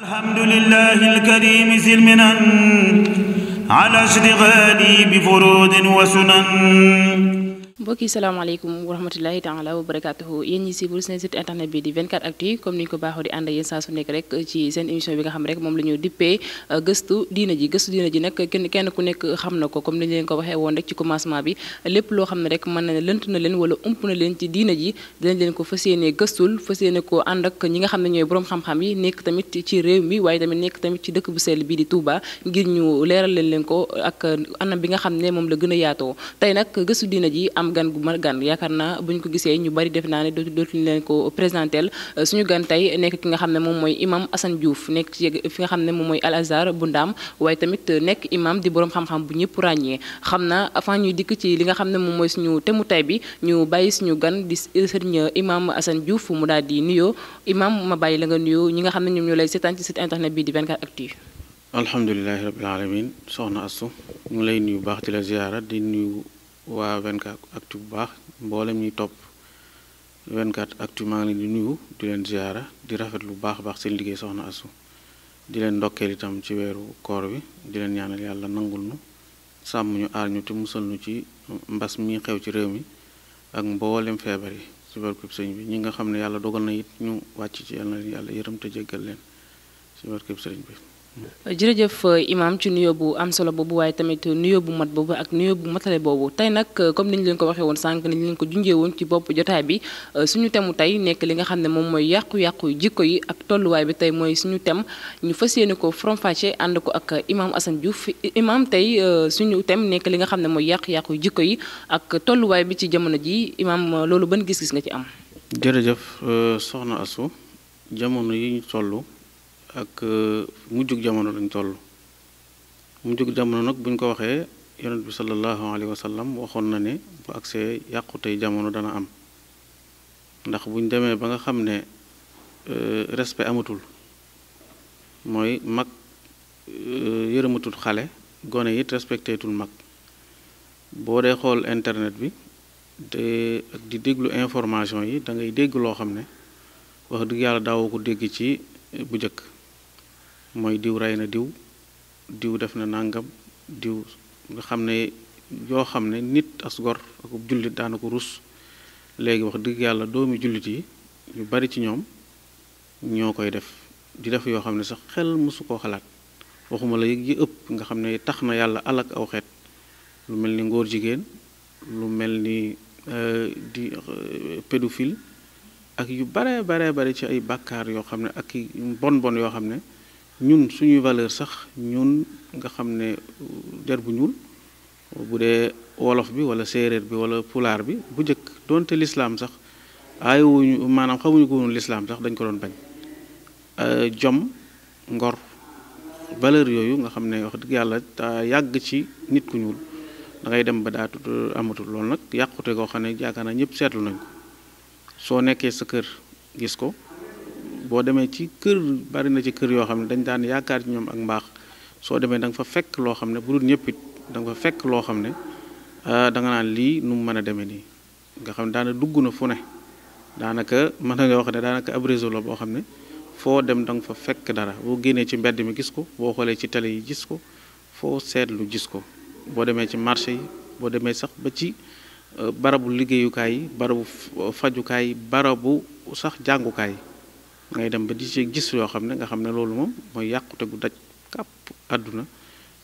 الحمد لله الكريم ذي المنن على اشتغالي بفروض وسنن mbokki salaamaaleykum wa rahmatullahi taala wa barakatuhu yéen ñi sibul seen site internet bi di 24 actu comme bi nga xam euh, kenn kenn ku nekk xam na ko comme ni ñu leen ko waxee woon loo xam ne rek mën na lënt na leen wala ump na leen ci diina ji dinañ leen ko fas yéene gëstul fas yéene ko ànd ak ñi nga xam ne ñooy borom xam-xam yi nekk tamit ci réew mi waaye tamit nekk tamit ci dëkk bu sell bi di Touba ngir ñu leeral leen leen ko ak anam bi nga xam ne moom la gën a yaatoo tey nag gëstu diina ji am am gan gu ma gan yaakaar naa buñ ko gisee ñu bari def naa ne dootuñ leen ko présentel suñu gan tey nekk ki nga xam ne moom mooy imam Assane Diouf nekk ci fi xam ne moom mooy Al Azhar bu ndaam waaye tamit nekk imam di borom xam-xam bu ñëpp ràññee xam na avant ñuy dikk ci li nga xam ne moom mooy suñu temu tay bi ñu bàyyi suñu gan di sëriñ imam Assane Diouf mu daal di nuyoo imam ma bàyyi la nga nuyoo ñi nga xam ne ñoom ñoo lay seetaan ci site internet bi di 24actu alhamdulilahi rabbil alamin waa 24 actu bu baax mboolem ñuy topp 24 actu maa ngi leen di nuyu di leen ziara di rafet lu baax baax seen liggéey soxna asu di leen ndokkeel itam ci weeru koor wi di leen ñaanal yàlla nangul nu sàmm ñu aar ñu te musal nu ci mbas mi xew ci réew mi ak mboolem feebar yi ci barkeb sëriñ bi ñi nga xam ne yàlla dogal na it ñu wàcc ci yàlla yàlla yërëm te jéggal leen ci barkeb bi jërëjëf euh, imam ci nuyoo bu am solo boobu waaye tamit nuyoo bu mat boobu ak nuyoo bu matale boobu tey nag euh, comme ni ñu leen ko waxee woon sànq ni ñu leen ko junjee woon ci bopp jotaay bi euh, suñu temu tey nekk li nga xam ne moom mooy yàqu-yàqu jikko yi ak tolluwaay bi tey mooy suñu tem ñu fas yéene ko faram ànd ko ak imam Assane Diouf imam tey suñu tem nekk li nga xam ne mooy yàqu-yàqu jikko yi ak tolluwaay bi ci jamono ji imam loolu ban gis-gis nga ci am. jërëjëf soxna Asou jamono yi ñu toll. ak euh, mujjug jamono lañ toll mujjug jamono nag buñ ko waxee yonent bi sallallahu alayhi wa sallam waxoon na ne bu agsee yàqu jamono dana am ndax buñ demee ba nga xam ne euh, respect amatul mooy mag euh, yërëmatul xale gone it respecteetul mag boo dee xool internet bi te ak di déglu information yi da ngay dégg loo xam ne wax dëgg yàlla daawoo ko dégg ci bu njëkk mooy diw rey na diw diw def na nàngam diw nga xam ne yoo xam ne nit as ak jullit daana ko rus léegi wax dëgg yàlla doomi jullit yi yu bari ci ñoom ñoo koy def di def yoo xam ne sax xel mësu koo xalaat waxuma la yi ëpp nga xam ne tax na yàlla alak aw xet lu mel ni ngóor jigéen lu mel ni euh, di euh, pédophile ak yu bare bare bari ci ay bàkkaar yoo xam ne ak bon bon yoo xam ne ñun suñuy valeur sax ñun nga xam ne der bu ñuul bu dee wolof bi wala séeréer bi wala pulaar bi bu njëkk donte lislaam sax aayowuñu maanaam xamuñu ko lislaam sax dañ ko doon bañ euh, jom ngor valeur yooyu nga xam ne wax dëgg yàlla yàgg ci nit ku ñuul dangay dem ba daatu amatul loolu nag yàqute koo xam ne yaakaar naa ñëpp seetlu nañ ko soo nekkee sa kër gis ko boo demee ci kër bari na ci kër yoo xam ne dañ daan yaakaar ci ñoom ak mbaax soo demee da nga fa fekk loo xam ne bu dul ñëpp it da nga fekk loo xam ne ah, da nga naan lii nu mu mën a demee nii nga xam ne daana dugg na fu ne daanaka mën nga wax ne daanaka ab réseau boo xam ne foo dem da nga fa fekk dara boo génnee ci mbedd mi gis ko boo xoolee ci télé yi gis ko foo seetlu gis ko boo demee ci marché yi boo demee sax ba ci ah, barabu liggéeyukaay yi barabu ah, fajukaay yi barabu sax jàngukaay yi ngay dem ba di ci gis yoo xam ne nga xam ne loolu moom mooy yàqute gu daj kàpp àdduna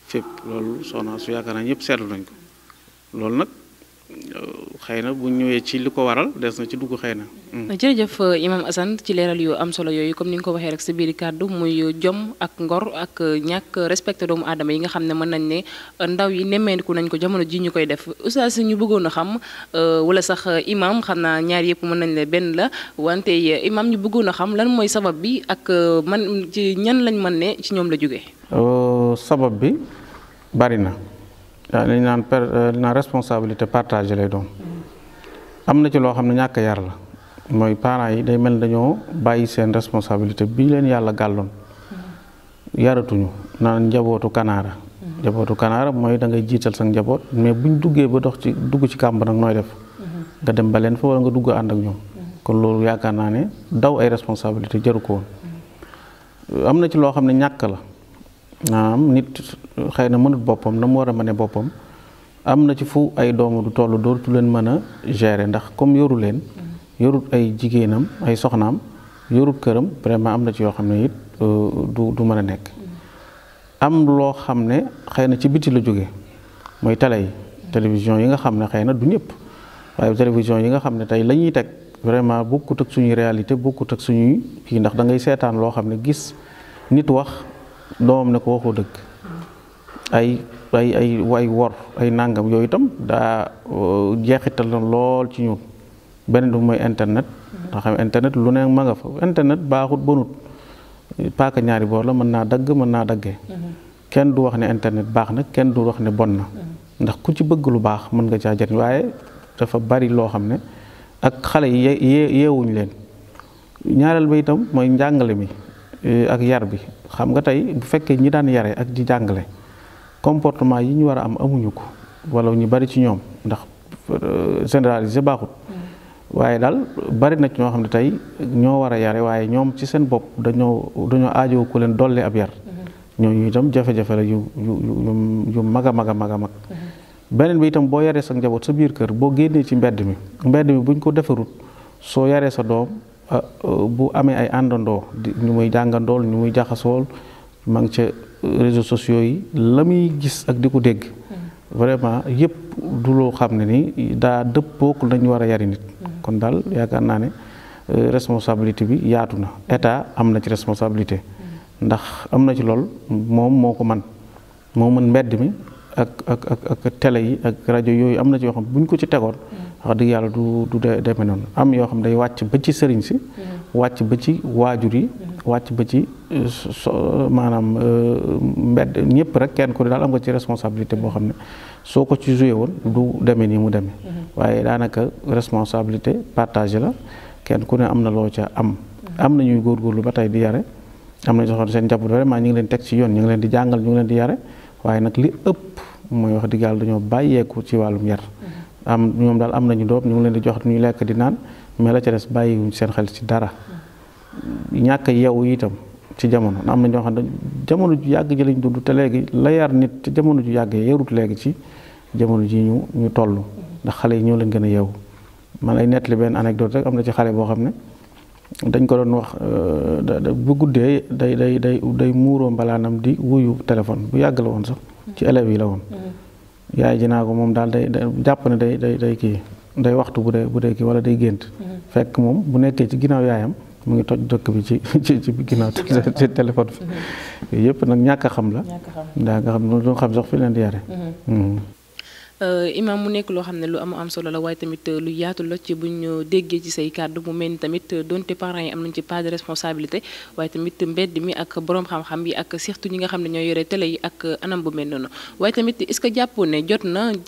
fépp loolu soxna su yaakaar naa ñëpp seetlu nañ ko loolu nag xëy na bu ñëwee ci li ko waral des na ci dugg xëy na. Mm. jërëjëf Imam Assane ci leeral yu am solo yooyu comme ni nga ko waxee rek sa biir kàddu muy jom ak ngor ak ñàkk respecte doomu aadama yi nga xam ne mën nañ ne ndaw yi nemmeeku nañ ko jamono ji ñu koy def oustaz ñu bëggoon a xam euh, wala sax imam xam naa ñaar yëpp mën nañ ne benn la wante imam ñu bëggoon a xam lan mooy sabab bi ak euh, man ci ñan lañ mën ne ci ñoom la jóge euh, sabab bi bari waaw naan per euh, li responsabilité partagée lay doon mm-hmm. am na ci loo xam ne ñàkk yar la mooy parents yi day mel dañoo bàyyi seen responsabilité bi leen yàlla gàlloon mm-hmm. yaratuñu naan njabootu kanaara mm-hmm. njabootu kanaara mooy da ngay jiital sa njaboot mais buñ duggee ba dox ci dugg ci kàmb nag nooy def nga dem ba leen fa wala nga dugg ànd ak ñoom kon loolu yaakaar naa ne daw ay responsabilité jaru ko woon am na ci loo xam ne ñàkk la naam nit xëy na mënut boppam na mu war a mëne boppam am na ci fu ay doomu du toll dootu leen mën a gérer ndax comme yoru leen yorut ay jigéenam ay soxnaam yorut këram vraiment am na ci yoo xam ne it euh, du du mën a nekk am loo xam ne xëy na ci biti la jóge mooy télé yi yi nga xam ne xëy na du ñëpp waaye télévision yi nga xam ne tey la ñuy teg vraiment bokkut ak suñuy réalité bokkut ak suñuy kii ndax da ngay seetaan loo xam ne gis nit wax doom doomam ne ko waxoo dëgg ay ay ay wor ay nàngam yooyu itam daa uh, jeexital na lool ci ñun beneen du mooy internet nga xam internet lu ne ma fa internet baaxut bonut paaka ñaari boor la mën naa dagg mën naa dagge mm-hmm. kenn du wax ne internet baax na kenn du wax ne bon na mm-hmm. ndax ku ci bëgg lu baax mën nga caa jëriñ waaye dafa bari loo xam ne ak xale yi yeewuñ leen ñaareel ba itam mooy njàngale mi Euh, ak yar bi xam nga tey bu fekkee ñi daan yare ak di jàngale comportement yi ñu war a am amuñu ko wala ñu bari ci ñoom ndax euh, généraliser baaxut mm. waaye daal bari na ñoo xam ne tey ñoo war a yare waaye ñoom ci seen bopp dañoo dañoo aajoo ko leen dolli ab yar mm-hmm. ñooñu itam jafe-jafe la yu yu yu yu mag a mag a mag a mag mm-hmm. beneen bi itam boo yaree sa njaboot sa biir kër boo génnee ci mbedd mi mbedd mi buñ ko defarut soo yaree sa doom Euh, euh, bu amee ay àndandoo di ñu muy jàngandool ñu muy jaxasool ma ngi ca euh, réseaux sociaux yi la muy gis ak di ko dégg mm. vraiment yëpp du loo xam ne ni daa dëppook lañ war a yari nit mm. kon daal yaakaar naa ne responsabilité bi yaatu na état am na ci responsabilité mm. ndax am na ci lool moom moo ko man moo mën mbedd mi ak ak ak ak télé yi ak rajo yooyu am na ci yoo xam buñ ko ci tegoon mm. wax dëgg yàlla du du demee noonu am yoo xam day wàcc ba ci sëriñ si mm. wàcc ba ci waajur yi mm. wàcc ba ci euh, so maanaam euh, mbedd ñëpp rek kenn ku ne daal am nga ci responsabilité boo xam ne soo ko ci joué woon du demee nii mu demee mm-hmm. waaye daanaka responsabilité partagée la kenn ku ne am na loo ca am am na ñuy góorgóorlu ba tey di yare am na ñoo xam ne seen njaboot vraiment ñu ngi leen teg ci yoon ñu leen di jàngal ñu ngi leen di mooy wax dëgg dañoo bàyyeeku ci wàllum yar am ñoom daal am nañu doom ñu leen di jox ñuy lekk di naan mais la ca des bàyyiwuñ seen xel ci dara ñàkk yeewu itam ci jamono am na ñoo xam ne jamono ju yàgg ji lañ dund te léegi la yar nit jamono ju yàggee yarut léegi ci jamono ji ñu ñu toll ndax xale yi ñoo leen gën a yeewu man ay nettali benn anecdote rek am na ci xale boo xam ne dañ ko doon wax euh, bu guddee day day day day muuroo mbalaanam di wuyu téléphone bu yàgg la woon sax ci élèves yi la woon yaay ji naa ko moom daal day jàpp ne day day day kii day waxtu bu dee bu dee kii wala day gént fekk moom bu nekkee ci ginnaaw yaayam mu ngi toj dëkk bi ci ci ci ginnaaw ci téléphone bi mhm. nag ñàkk a xam la daa nga xam ne doo xam sax fi leen di yare mhm. Mhm. Euh, Imaam mu nekk loo xam ne lu amu am solo la waaye tamit euh, lu yaatu la ci bu ñu euh, déggee ci say kàddu mu mel ni tamit donte parents yi am nañ ci pas de responsabilité waaye tamit mbedd mi ak borom xam-xam yi ak surtout ñi nga xam ne ñoo yore tele yi ak bu mel noonu waaye tamit est-ce que jàppoo ne jot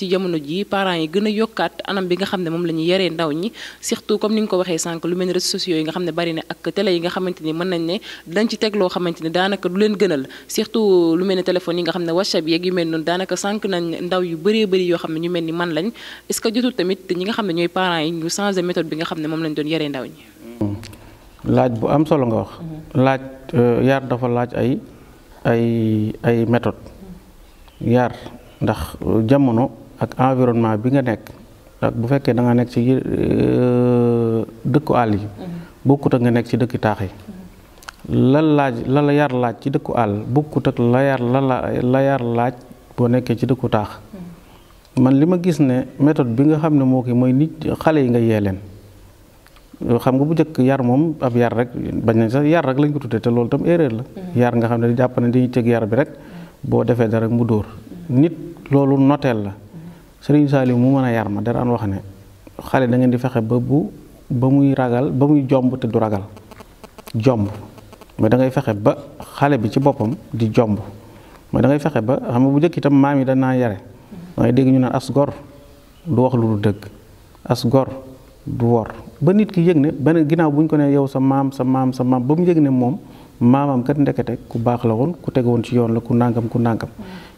jamono ji parents yi gën a yokkaat anam bi nga xam ne moom la ñu yaree ndaw ñi surtout comme ni nga ko waxee sànq lu mel ni réseaux sociaux yi nga xam ne bari na ak nga xamante ni mën nañ ne dañ ci teg loo xamante ni daanaka du leen gënal surtout lu mel ni téléphone yi nga xam ne WhatsApp yeeg yu mel noonu daanaka sànq nañ ndaw yu bëree bëri xam ne ñu mel ni man lañ est ce que jotul tamit ñi nga xam ne ñooy parents yi ñu changer méthode bi nga xam ne moom lañ doon yaree ndaw ñi. laaj bu am solo nga wax. laaj euh, yar dafa laaj ay ay ay méthode yar ndax jamono ak environnement bi nga nekk bu fekkee da nga nekk ci euh, dëkku àll yi. bokkut ak nga nekk ci dëkki taax yi. lan laaj la la yar laaj ci dëkku àll bokkut ak la yar la la yar laaj boo nekkee ci dëkku taax. man li ma gis ne méthode bi nga xam ne moo kii mooy nit xale yi nga yee leen xam nga bu njëkk yar moom ab yar rek bañ nañ sax yar rek lañ ko tuddee te loolu tam erreur la. Mm-hmm. yar nga xam ne jàpp ne dañuy teg yar bi rek boo defee dara mu dóor. Mm-hmm. nit loolu noteel la mm-hmm. sëriñ Saliou mu mën a yar ma dara an wax ne xale dangeen di fexe ba bu ba muy ragal ba muy jomb te du ragal jomb mais da ngay fexe ba xale bi ci boppam di jomb mais da ngay fexe ba xam nga bu njëkk itam maam yi dañ yare. dangay dégg ñu naan as gor du wax lu du dëgg as gor du wor ba nit ki yëg ne benn ginnaaw bu ñu ko nee yow sa maam sa maam sa maam ba mu yëg ne moom maamam kat ndekete ku baax la woon ku teg woon ci yoon la ku nàngam ku nàngam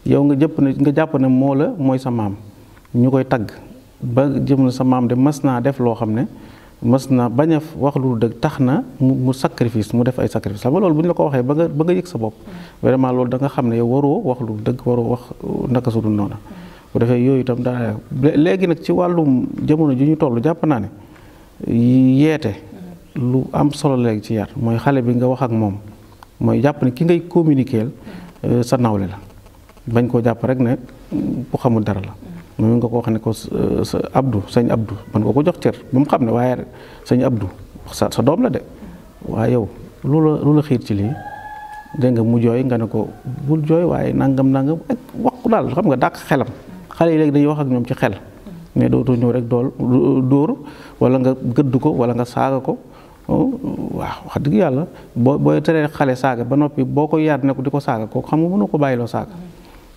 yow nga jëpp ne nga jàpp ne moo la mooy sa maam ñu koy tagg ba jëm na sa maam de mës naa def loo xam ne mas naa bañ a wax lu dëgg tax na mu sacrifice mu def ay sacrifice xam nga loolu bu ñu la ko waxee ba nga ba yëg sa bopp mm. vraiment loolu da xam ne yow waroo wax lu dëgg waroo wax naka su dul bu defee yooyu itam daa léegi nag ci wàllum jamono ju ñu toll jàpp naa ne yeete lu am solo léegi ci yar mooy xale bi nga wax ak moom mooy jàpp ne ki ngay communiquer euh, sa nawle la bañ koo jàpp rek ne bu xamul dara la moom nga koo wax ne ko euh, sa Abdou sëñ Abdou man nga ko jox cër ba mu xam ne waaye sëñ abdu sa sa doom la de waaye yow lu la xiir ci lii dégg nga mu jooy nga ne ko bul jooy waaye nangam nangam ak wax daal xam nga dàq xelam. xale yi léegi dañuy wax ak ñoom ci xel mais dootoo ñëw rek dool dóor wala nga gëdd ko wala nga saaga ko waaw wax dëgg yàlla boo booy teree xale saaga ba noppi boo ko yaat ne ko di ko saaga kooku xam nga mënoo ko bàyyiloo saaga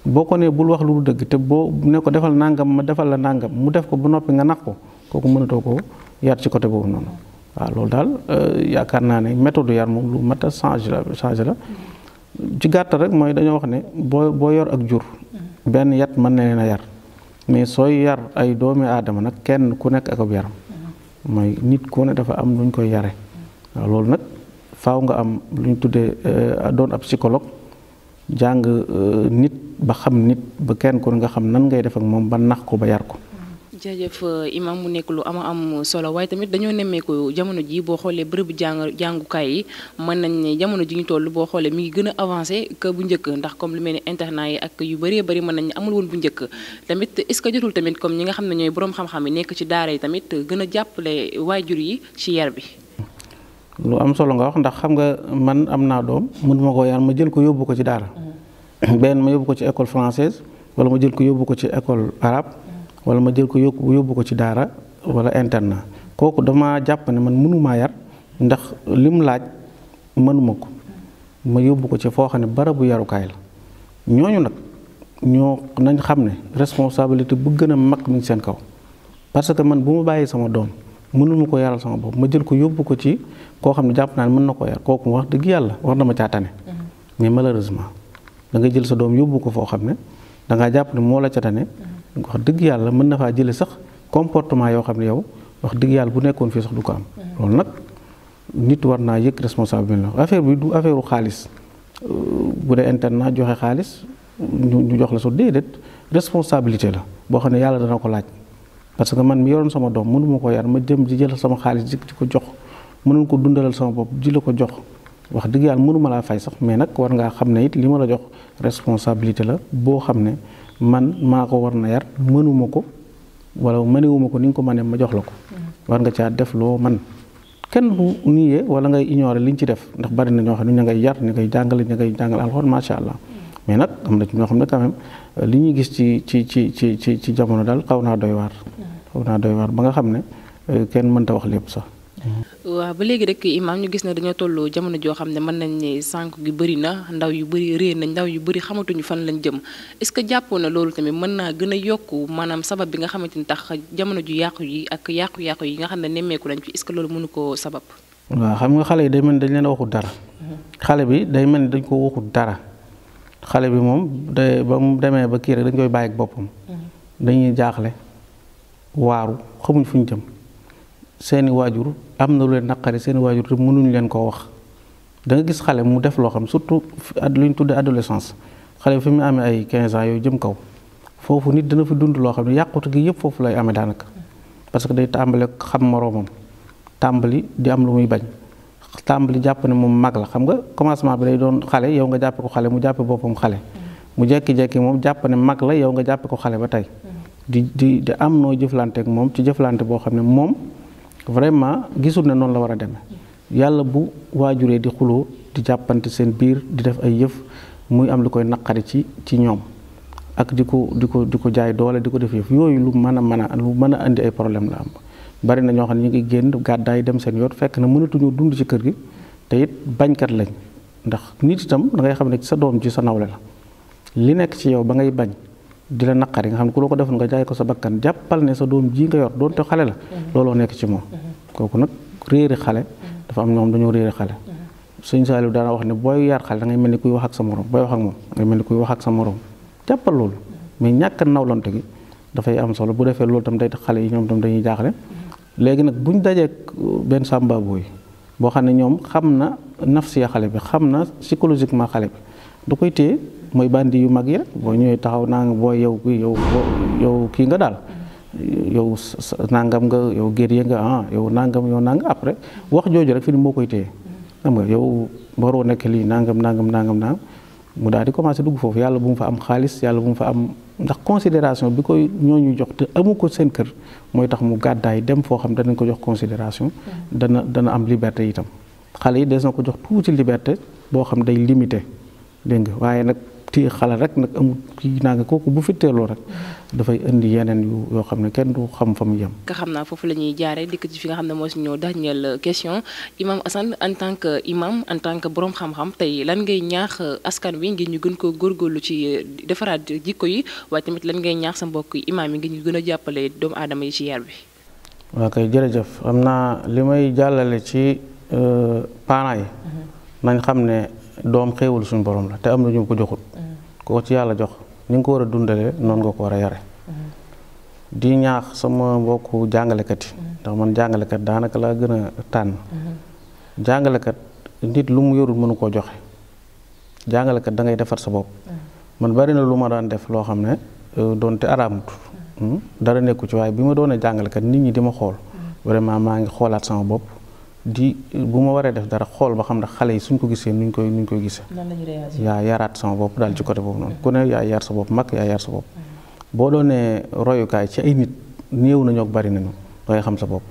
boo ko nee bul wax lu dul dëgg te boo ne defal nàngam ma defal la nàngam mu def ko ba noppi nga nax ko kooku mënatoo ko yaat ci côté boobu noonu waaw loolu daal euh, yaakaar naa ne méthode yar moom lu mat a changé la changé la ci gàttal rek mooy dañoo wax ne boo boo yor ak jur benn yat mën na leen a yar mais sooy yar ay doomi aadama nag kenn ku nekk ak ab yaram mooy nit ku ne dafa am lu ñu koy yare loolu nag faw nga am lu ñu tuddee euh, doon ab psychologue jàng euh, nit ba xam nit ba kenn ku ne nga xam nan ngay def ak moom ba nax ko ba yar ko jërëjëf euh, imam mu nekk lu ama am solo waaye tamit dañoo nemmeeku jamono ji boo xoolee bërëb jàng jàngukaay yi mën nañ ne jamono ji ñu toll boo xoolee mi ngi gën a avancé que bu njëkk ndax comme lu mel ni internat yi ak yu bëree bëri mën nañ amul woon bu njëkk tamit est-ce que jotul tamit comme ñi nga xam ne ñooy boroom xam-xam yi nekk ci daara yi tamit gën a jàppale waajur yi ci yar bi lu am solo nga wax ndax xam nga man am naa doom mënuma koo yar ma jël ko yóbbu mm. ma jël ko yóbbu ko ci école wala ma jël ko yóbbu ko ci daara wala internat kooku dama jàpp ne man mënumaa yar ndax lim laaj mënuma ko ma yóbbu ko ci foo xam ne barabu yarukaay la ñooñu nag ñoo nañ xam ne responsabilité bu gën a mag mi seen kaw parce que man bu ma bàyyi sama doom mënul ma ko yaral sama bopp ma jël ko yóbbu ko ci koo xam ne jàpp naa ne mën na koo yar kooku wax dëgg yàlla war na ma caatane mm-hmm. mais malheureusement da jël sa doom yóbbu ko foo xam ne da jàpp ne wax dëgg yàlla mën na faa jële sax comportement yoo xam ne yow wax dëgg yàlla bu nekkoon fii sax du ko am mm-hmm. loolu nag nit war naa yëg responsable na affaire bi du affaire xaalis bu dee internat joxe xaalis ñu jox la so déedéet responsabilité la boo xam ne yàlla dana ko laaj parce que man mi yoroon sama doom mënuma ko yar ma jëm di jël sama xaalis di ko jox mënoon ko dundalal sama bopp di ko jox wax dëgg yàlla mënuma laa fay sax mais nag war ngaa xam ne it li ma la jox responsabilité la boo xam ne man maa ko war na yar mënuma ko wala mënewuma ko ni nga ko mënee ma jox la ko mm. war nga caa def loo man kenn ku niyee wala ngay ignorer liñ ci def ndax bari na ñoo xam ne ña ngay yar ña ngay jàngale ña ngay jàngale alxuraan allah mm. mais nag am na ci ñoo xam ne quand même euh, li ñuy gis ci ci ci ci ci ci jamono daal xaw naa doy waar mm. xaw naa doy waar ba nga xam ne euh, kenn mënta wax lépp sax waaw ba léegi rek imaam ñu gis ne dañoo toll jamono joo xam ne mën nañ ne sànq gi bëri na ndaw yu bëri réer nañ ndaw yu bëri xamatuñu fan lañ jëm est-ce que jàppoo na loolu tamit mën naa gën a yokk maanaam sabab bi nga xamante ni tax jamono ju yàqu yi ak yàqu-yàqu yi nga xam ne nemmeeku nañ ci est-ce que loolu mënu koo sabab waaw xam nga xale yi day mel dañ xale bi day mel ni dañ ko waxul dara xale bi moom day ba mu demee ba kii rek dañ koy bàyyi ak boppam dañuy jaaxle waaru xamuñ fu ñu jëm seeni waajur am na lu leen naqari seen waajur te mënuñ leen koo wax da gis xale mu def loo xam surtout lu ñu tuddee adolescence xale bi fi mu amee ay 15 ans yooyu jëm kaw foofu nit dana fi dund loo xam ne yàqute foofu lay amee daanaka parce que day tàmbale xam moroomam tàmbali di am lu muy bañ tàmbali jàpp ne moom mag la xam nga commencement bi day doon xale yow nga jàppe ko xale mu jàppe boppam xale mu jekki-jekki moom jàpp ne mag la yow nga jàppe ko xale ba tey mm. di di di am noo jëflante moom ci jëflante boo xam ne moom vraiment gisul ne noonu la war a demee yàlla bu waajuree di xuloo di jàppante seen biir di def ay yëf muy am lu koy naqari ci ci ñoom ak di ko di ko di ko jaay doole di ko def yëf yooyu lu mën a mën a lu mën a indi ay problème la am bari na ñoo xam ne ñu ngi génn gàddaay dem seen yoon fekk na mënatuñoo dund ci kër gi te it bañkat lañ ndax nit itam da xam ne sa doom ji sa nawle la li nekk ci yow ba ngay bañ di la naqari nga xam ne ku la ko defoon nga jaay ko sa bakkan jàppal ne sa doom ji nga yor doonte xale la mm-hmm. looloo nekk ci moom mm-hmm. kooku nag réeri xale mm-hmm. dafa am ñoom dañoo réeri xale sëñ Saliou daana wax ne booy yar xale dangay mel ni kuy wax ak sa morom booy wax ak moom ni kuy wax ak sa morom jàppal loolu mais ñàkk nawlante gi dafay am solo bu defee loolu tam day tax xale yi ñoom tam dañuy jaaxle léegi nag buñ dajeek uh, benn sàmbaaboo yi boo xam ne ñoom xam na nafsiya xale bi xam na psychologiquement xale du koy téye mooy bandi yu mag yi rek boo ñëwee taxaw naa nga booy yow yow yow kii nga daal yow nangam nga yow guerrier nga ah yow nangam yow nangam après wax jooju rek ni moo koy téye xam nga yow waroo nekk lii nangam nangam nangam nangam mu daal di commencé dugg foofu yàlla bu mu fa am xaalis yàlla bu mu fa am ndax considération bi koy ñooñu jox te amu ko seen kër mooy tax mu gàddaay dem foo xam danañ ko jox considération mm. dana dana am liberté itam xale yi des na ko jox tuuti liberté boo xam day limité dégg nga waaye nag téye xale rek nag amul kii naa nga kooku bu fi teeloo rek dafay indi yeneen yu yoo xam ne kenn du xam fa mu yem. nga xam naa foofu la ñuy jaaree dikk ci fi nga xam ne moo si ñëw dernière question imam Assane en tant que imam en tant que borom xam-xam tey lan ngay ñaax askan wi ngir ñu gën ko góorgóorlu ci defaraat jikko yi waaye tamit lan ngay ñaax sa mbokk imam yi ngir ñu gën a jàppale doomu aadama yi ci yar bi. waaw kay jërëjëf am naa li may jàllale ci euh, parents yi. Mhm. nañ doom xéewalu suñu borom la te am na ñu ko joxut ko ci yàlla jox ni nga ko war a dundalee noonu nga ko war a yare di ñaax sama mbokku jàngalekat yi ndax man jàngalekat daanaka laa gën a tànn jàngalekat nit lu mu yorul mënu koo joxe jàngalekat dangay ngay defar sa bopp man bari na lu ma daan def loo xam ne euh, doonte araamut mm. hmm? dara nekku ci waaye bi ma doonee jàngalekat nit ñi di ma xool mm. vraiment maa ngi xoolaat sama bopp di bu ma waree def dara xool ba xam ne xale yi suñ ko gisee nuñ koy nuñ koy gisee. lan la ñuy réagir yaa yaraat sama bopp daal ci côté boobu noonu. Mm-hmm. ku ne yaa yar sa bopp mag yaa yar sa bopp. Mm-hmm. boo doonee royukaay ci ay nit néew nañoo ak bari nañu dangay xam sa bopp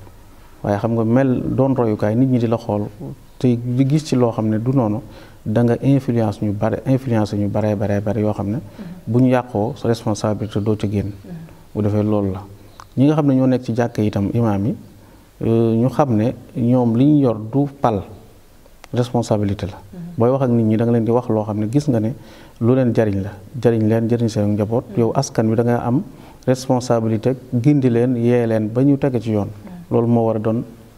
waaye xam nga mel doon royukaay nit ñi di la xool te di gis ci loo xam ne du noonu da nga influence ñu bare influence ñu baree baree bare yoo xam ne. Mm-hmm. bu ñu yàqoo sa responsabilité doo ca génn. bu defee loolu la ñi nga xam ne ñoo nekk ci jàkk ñu xam ne ñoom li ñu yor du pal responsabilité la mm-hmm. booy wax ak nit ñi da nga leen di wax loo xam ne gis nga ne lu leen jariñ la jariñ leen jariñ seen njaboot mm-hmm. yow askan wi da nga am responsabilité gindi leen yee leen ba ñu tegee ci yoon mm-hmm. loolu moo war a doon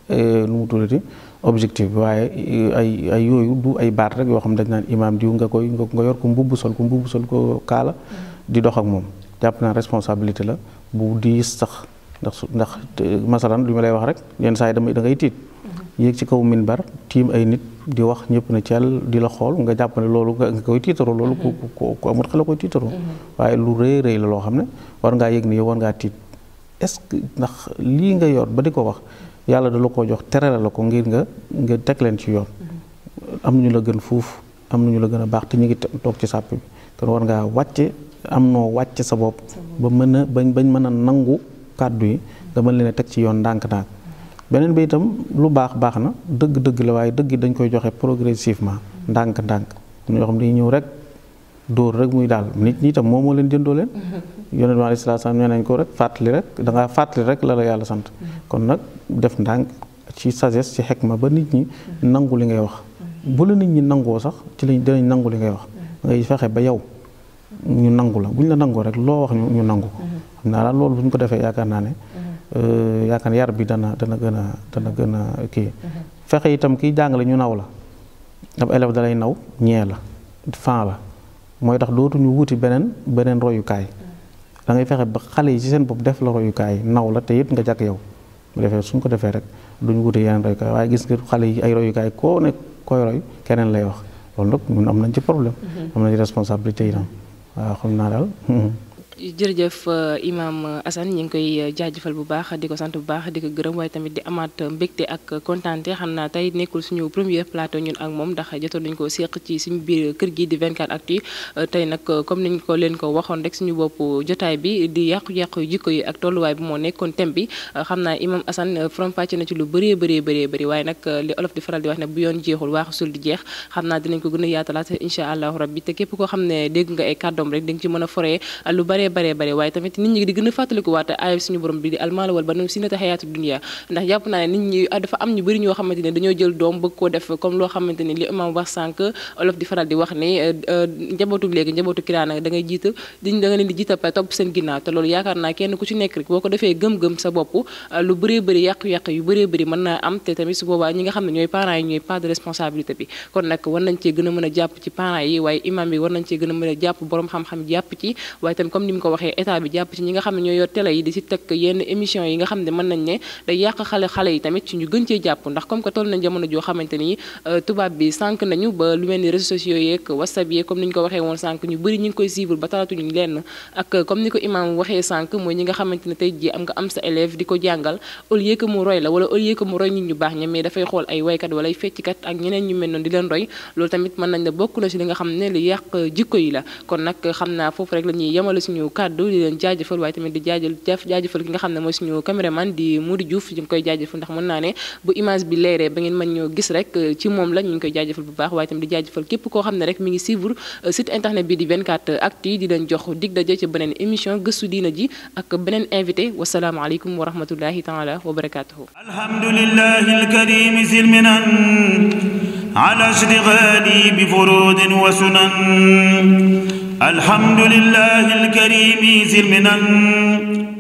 lu eh, mu tuddati objectif waaye eh, ay ay yooyu du ay baat rek yoo xam ne dañ naan imaam diw nga koy nga yor ko mbubb sol ko mbubb sol ko kaala di dox ak moom jàpp naa responsabilité la bu diis sax ndax su ndax masalan lu ma lay wax rek yenn saa yi dama da ngay tiit mhm. yéeg ci kaw minbar tiim ay nit di wax ñëpp na ceel di la xool nga jàpp ne loolu nga koy tiitaroo loolu ku mhm. ku mhm. loo xam ne war ngaa yëg ne yow war ngaa tiit est-ce que ndax lii nga yor ba di ko wax yàlla da la koo jox terale la ko ngir nga nga teg leen ci yoon am ñu la gën fuuf am nañu la gën a baax te ñu ngi toog ci sàpp bi kon war ngaa wàcce am noo wàcce sa bopp ba mën a bañ nangu kàddu yi nga mën leen a teg ci yoon ndànk-ndànk beneen bi itam lu baax baax na dëgg-dëgg la waaye dëgg dañ koy joxe progressivement ndànk-ndànk ñoo xam dañuy ñëw rek dóor rek muy daal nit ñi itam moom moo leen jëndoo leen mm-hmm. yonent bi alayhi salaatu salaam nee nañ ko rek fàttali rek da ngaa fàttali rek la la yàlla sant mm-hmm. kon nag def ndànk ci sagesse ci xekma ba nit ñi nangu li ngay wax mm-hmm. bu la nit ñi nangoo sax ci lañ dinañ nangu li ngay wax ngay fexe ba yow ñu nangu la bu ñu la nangoo rek loo wax ñu ñu nangu ko mm-hmm. xam naa daal loolu bu ñu ko defee yaakaar naa ne mm-hmm. euh, yaakaar yar bi dana dana a dana a kii mm-hmm. fexe itam kiy jàngale ñu naw la ab élève dalay naw ñee la fan la mooy tax dootuñu wuti beneen beneen royukaay da ngay fexe ba xale yi ci seen bopp def la royukaay naw la te it nga jàkk yow bu defee suñ ko defee rek duñ wuti yeneen royukaay waaye gis nga xale yi ay royukaay koo ne koy roy keneen lay wax loolu nag ñun am nañ ci problème am nañ ci responsabilité yi tam waaw xam naa daal. jërëjëf euh, Imam Assane ñi ngi koy euh, jaajëfal bu baax di ko sant bu baax di ko gërëm waaye tamit di amaat mbégte ak kontaante xam naa tey nekkul suñu premier plateau ñun ak moom ndax jotoon nañ ko séq ci suñu biir kër gi di 24 actu euh, tey nag comme nañ ko leen ko waxoon rek suñu bopp jotaay bi di yàqu-yàqu jikko yi ak tolluwaay bi moo nekkoon thème bi xam naa Imam Assane faram-fàcce na ci lu bëree bëree bëree bëri waaye nag li olof di faral di wax ne bu yoon jeexul waaxu sul di jeex xam naa dinañ ko gën a yaatalaat incha allahu rabbi te képp koo xam ne dégg nga ay kàddoom rek di nga ci mën a foree lu baree baree baree waaye tamit nit ñi di gën a fàttaliku waate aaya suñu borom bi di almaala wal banuun ziinata xayaatu dunya ndax jàpp naa ne nit ñi dafa am ñu bëri ñoo xamante ne dañoo jël doom bëgg koo def comme loo xamante ni li imam wax sànq olof di faral di wax ni euh, euh, njabootu léegi njabootu kiraana da ngay jiita jiita pa topp euh, ñi nga xam yi ñooy part de responsabilité bi kon nag war nañ cee gën a a jàpp ci parents yi waaye imam bi war nañ cee gën a ñu ko waxee état bi jàpp ci ñi nga xam ne ñoo yor télé yi di si teg yenn émission yi nga xam ne mën nañ ne day yàq xale xale yi tamit ci ñu gën cee jàpp ndax comme que toll nañ jamono joo xamante ni euh, tubaab bi sànq nañu ba lu mel ni réseaux sociaux yeeg whatsapp yeeg comme ni ñu ko waxee woon sànq ñu bëri ñu ngi waxee sànq mooy ñi nga xamante ne tey jii am nga am sa élève di ko jàngal au lieu que mu roy la wala au lieu que mu roy nit ñu baax ña mais dafay xool ay waykat wala ay fecckat ak ne bokk na la kon nag xam naa suñu kàddu di leen jaajëfal waaye tamit di jaajël jaajëfal ki nga xam ne mooy suñu caméraman di Moudou Diouf ñu ngi koy jaajëfal ndax mën naa ne bu image bi leeree ba ngeen mën ñoo gis rek euh, ci moom la ñu ngi koy jaajëfal bu baax waaye tamit di jaajëfal képp koo xam ne rek mi ngi suivre euh, site internet bi di 24 actu di leen jox dig daje ci beneen émission gëstu diina ji ak beneen invité wasalaamaaleykum wa rahmatullahi taala wa barakatuhu alhamdulillahi alkarim alhamdulillahi alkarimi silminan